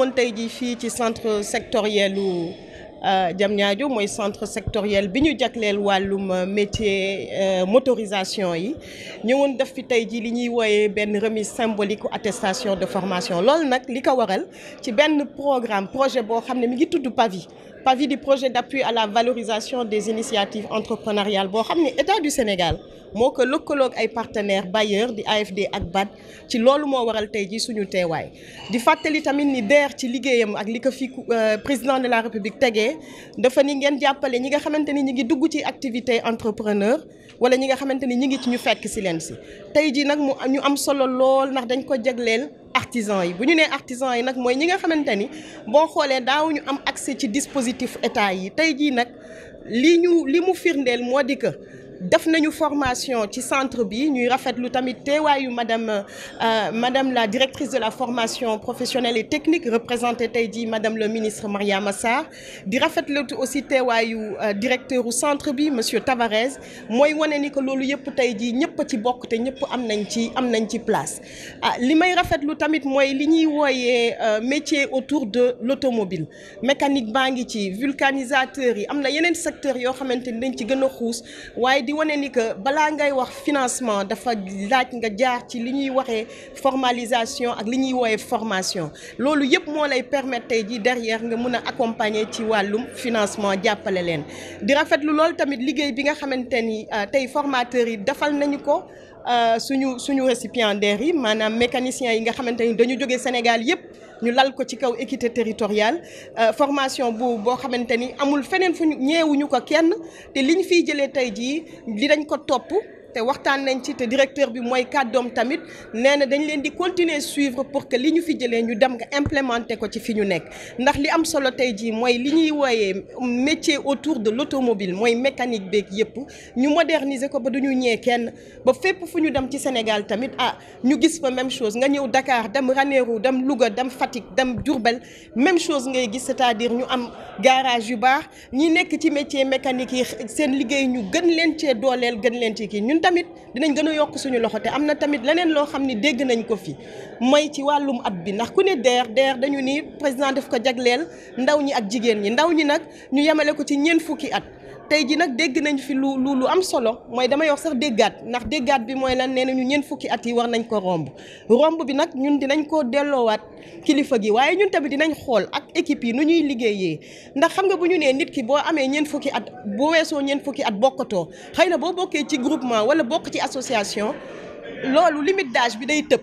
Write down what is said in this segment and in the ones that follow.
ñëwoon tey jii ci centre sectoriel ou euh, Diamniadio mooy centre sectoriel bi ñu jagleel euh, métier euh, motorisation yi ñëwoon def fi tey jii li remise symbolique attestation de formation loolu nak li ko waral ci ben programme projet bo xam mi ngi tudd PAVI PAVI du projet d'appui à la valorisation des initiatives entrepreneuriales bon ramener état du Sénégal moi ko l'ocologue ay partenaire bailleur di AFD ak BAD ci loolu moo waral tey ji suñu teewaay di fàttali tamit ni DER ci ligue ak li fi euh, président de la République tegee dafa ni ngeen jàppale ñi nga xamante ni ñi ngi dugg ci activité entrepreneur wala ñi nga xamante ni ñi ngi ci ñu fekk si leen si tey ji nag mu ñu am solo lool ndax dañ ko artisans yi buñu né artisans yi nak moy ñi nga xamante bo xolé xoolee daawuñu am accès ci dispositif état yi tay ji nak li ñu li mu firndeel que def nañu formation ci centre bi ñuy rafetlu tamit téwayu madame euh, madame la directrice de la formation professionnelle et technique représentée tay di madame le ministre Mariama Sarr di rafetlu aussi teewaayu euh, directeur u centre bi monsieur Tavares moy woné ni que lolu yépp tay di ñëpp ci bokk té ñëpp am nañ ci am nañ ci place ah limay may rafetlu tamit moy li ñuy wooyee euh, métier autour de l'automobile mécanique baa ci vulcanisateur yi amna yenen secteur yo xamanteni dañ ci gëna xouss xuus di wane ni que bala ngay wax financement dafa laaj nga jaar ci li ñuy formalisation ak li ñuy formation loolu yépp moo lay permettre tey derrière nga mëna accompagner ci walum financement jappalé leen di lu lol tamit liggéey bi nga xamante euh, tay formateur yi dafal nañu ko euh, suñu suñu récipiendaire yi manam mécanicien, yi nga xamante dañu jógee Sénégal yépp ñu lal ko ci kaw équité territoriale euh, formation boobu boo xamante amul feneen fu ñeewuñu ko kenn te liñ fiy jëlee tey jii ko te waxtaan nañ ci te directeur bi mooy kàddoom tamit nee na dañ leen di continuer suivre pour que li ñu fi jëlee ñu dem nga implémenter ko ci fi ñu nekk ndax li am solo tey jii mooy li ñuy métier autour de l'automobile mooy mécanique beeg yépp ñu moderniser ko ba duñu ñu ñee kenn ba fépp fu ñu dem ci Sénégal tamit ah ñu gis fa même chose nga ñëw Dakar dem Ranérou dem Louga dem Fatick dem Diourbel même chose ngay gis c'est-à-dire ñu am garage yu baax ñi nekk ci métier mécanique yi seen liggéey ñu gën leen cee dooleel gën leen ci kii tamit dinañ gën a yokk suñu loxo te am na tamit leneen loo xam ni dégg nañ ko fi mooy ci wàllum at bi ndax ku ne DER DER dañu ni président def ko jagleel ndaw ñi ak jigéen ñi ndaw ñi nag ñu yemale ko ci ñeent fukki at. tey ji nag dégg nañ fi lu lu lu am solo mooy damay wax sax déggaat ndax déggaat bi mooy lan nee na ñu ñeent fukki at yi war nañ ko romb romb bi nag ñun dinañ ko delloowaat kilifa gi waaye ñun tamit dinañ xool ak équipe yi nu ñuy liggéeyee ndax xam nga bu ñu nee nit ki boo amee ñeent fukki at boo weesoo ñeent fukki at bokkatoo xëy na boo bokkee ci groupement wala bokk ci association loolu limite d'âge bi day tëb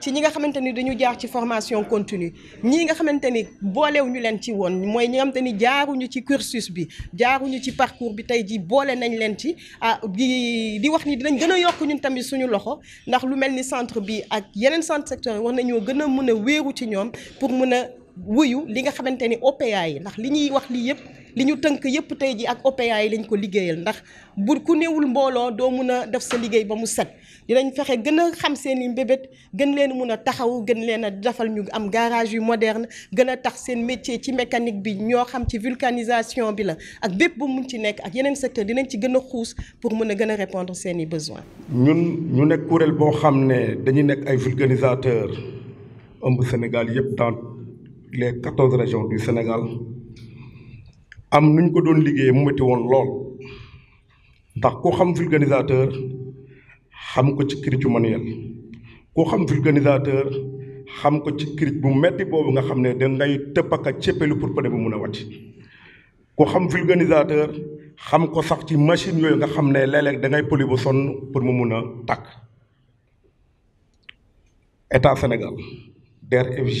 ci ñi nga xamanteni dañu jaar ci formation continue ñi nga xamanteni ni boolewuñu len ci woon moy ñi nga xamanteni ni jaaruñu ci cursus bi jaaruñu ci parcours bi tay ji boole nañ len ci ah, di wax ni dinañ gën a ñun tamit suñu loxo ndax lu melni centre bi ak yeneen centre secteur yi war nañoo gën a mën ci ñom pour mëna wuyu li nga xamanteni OPA yi ndax li ñuy wax li yépp li ñu tënk yëpp tey ji ak OPA yi lañ ko liggéeyal ndax bu ku newul mbooloo doo mun a def sa liggéey ba mu set dinañ fexe gën a xam seen i mbébét gën leen mun a taxaw gën leen a defal ñu am garage yu moderne gën a tax seen métier ci mécanique bi ñoo xam ci vulcanisation bi la ak bépp bu mun ci nekk ak yeneen secteur dinañ ci gën a xuus pour mun a gën a répondre seen i besoins. ñun ñu nekk kuréel boo xam ne dañu nekk ay vulcanisateur ëmb Sénégal yëpp dans les quatorze régions du Sénégal am nu ko doon liggéeyee mu metti woon lool ndax koo xam vulcanisateur xam ko ci cric manuel koo xam vulcanisateur xam ko ci cric bu metti boobu nga xam ne da ngay tëpp ak a céppelu pour pneu bu mun a wàcc koo xam vulcanisateur xam ko sax ci machine yooyu nga xam ne léeg dangay da ngay ba sonn pour mu mun a tàkk état Sénégal DER FJ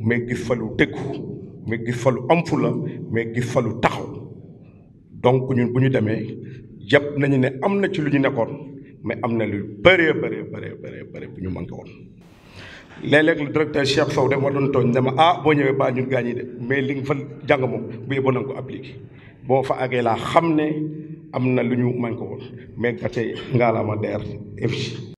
mais gi falu dëggu mais gi falu am fula mais gi falu taxaw donc ñun bu ñu demee jàpp nañu ne am na ci lu ñu nekkoon mais am na lu bëree bëree bëree bëree bëri bu ñu manqué woon. léeg-léeg le directeur Sow de ma doon tooñ dama ah boo ñëwee baa ñun gaañ yi de mais li nga fa jàng moom bu yeboo na ko appliqué boo fa àggee laa xam ne am na lu ñu manqué woon mais gàcce ngaalaama DER